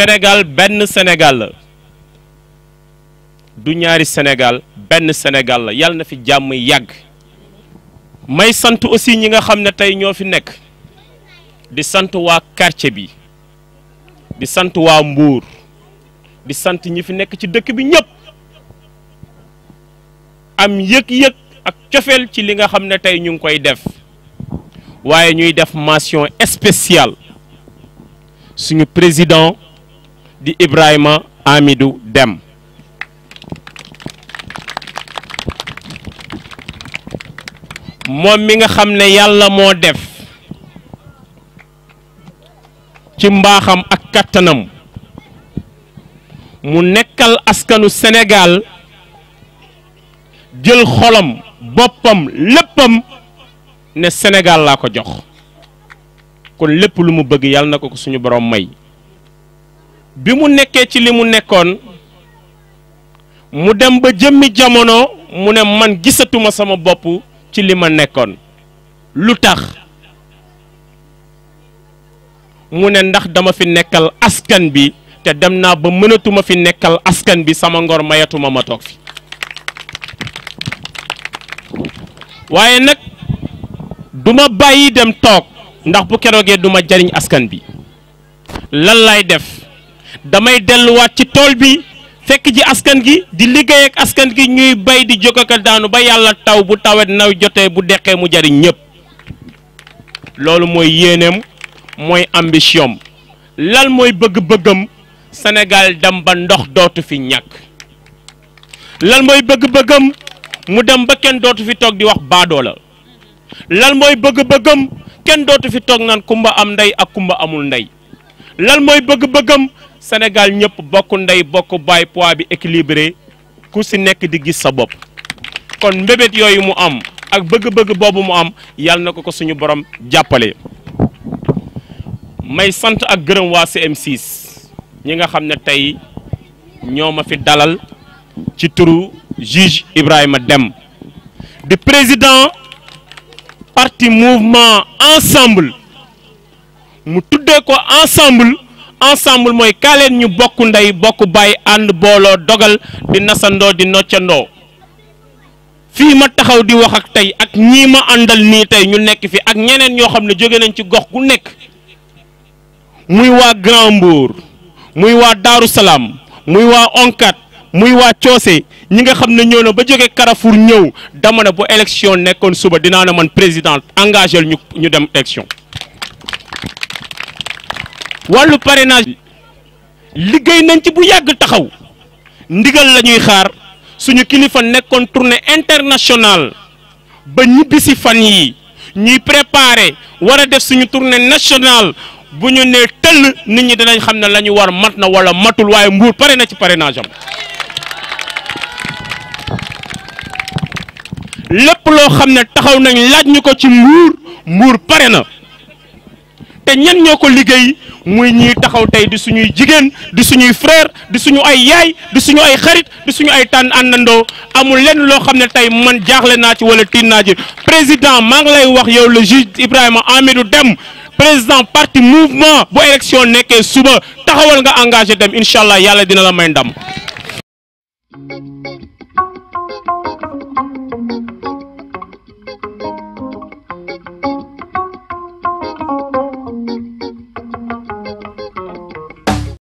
Sénégal benn Sénégal la du ñaari Sénégal benn Sénégal la yàlla na fi jàmm yàgg may sant aussi ñi nga xam ne tey ñoo fi nekk di sant waa quartier bi di sant waa mbuur di sant ñi fi nekk ci dëkk bi ñëpp am yëg-yëg ak cofeel ci li nga xam ne tey ñu ngi koy def waaye ñuy def mention spéciale suñu président di Ibrahima Amidou Dem mom mi nga xamne yalla mo def ci mbaxam ak katanam mu nekkal askanu Senegal, jël xolam bopam leppam ne Senegal la ko jox kon lepp lu mu bëgg yalla nako ko suñu borom may bi mu nekkee ci li mu nekkoon mu dem ba jëmmi jamono mu ne man gisatuma sama bopp ci li ma nekkoon lu tax mu ne ndax dama fi nekkal askan bi te dem naa ba mënatuma fi nekkal askan bi sama ngor mayatuma ma toog fi waaye nag duma bàyyi dem toog ndax bu keroogee duma jariñ askan bi lan lay def damay delluwaat ci tool bi fekk ji askan gi di liggéey ak askan gi ñuy bay di jóg ak daanu ba yàlla taw bu tawet naw jotee bu deqee mu jariñ ñépp loolu mooy yéeneem mooy ambition lan mooy bëgg-bëggam senegal dem ba ndox dootu fi ñàkk lan mooy bëgg-bëggam mu dem ba kenn dootu fi toog di wax baadoo la lan mooy bëgg-bëggam kenn dootu fi toog naan kumba am ndey ak kumba amul ndey lan mooy bëgg-bëggam senegal ñëpp bokku nday bokku bay poids bi équilibré ku ci nekk di gis sa bop kon mbébét yoy mu am ak bëgg-bëgg bobu mu am yàlla nako ko suñu borom jappalé may sante ak gërëm wa CM6 ñi nga xamné tay ñoma fi dalal ci turu juge Ibrahima dem di président parti mouvement ensemble mu tuddé ko ensemble. ensemble mooy kaaleen ñu bokk ndey bokk bàyyi ànd booloo dogal di nasandoo di noccandoo fii ma taxaw di wax ak tey ak ñii ma àndal nii tey ñu nekk fii ak ñeneen ñoo xam ne jóge nañ ci gox gu nekk muy waa Grand Mbour muy waa Daaru Salaam muy waa Onkat muy waa Coose ñi nga xam ne ñëw na ba jóge Carrefour ñëw dama ne bu élection nekkoon suba dinaa ne man président engagé ñu ñu dem élection wàllu parrainage liggéey nañ ci bu yàgg taxaw ndigal lañuy xaar suñu kilifa nekkoon tournée internationale ba ñibbisi fan yi ñuy préparer wara a def suñu tournée nationale bu ñu nee tëll nit ñi dinañ xam ne lañu ñu war mat na wala matul waaye mbuur pare na ci parrainage lépp loo xam ne taxaw nañ laaj ñu ko ci mbuur mbuur pare na te ñan ñoo ko liggéey muy ñiy taxaw tey di suñuy jigéen di suñuy frère di suñu ay yaay di suñu ay xarit di suñu ay tànn àndandoo amul lenn loo xam ne tey man jaaxle naa ci wala tiin naa ci président maa ngi lay wax yow le juge Ibrahima Hamidou Dème président parti mouvement bu élection nekkee suba taxawal nga engagé dem incha allah yàlla dina la may ndam.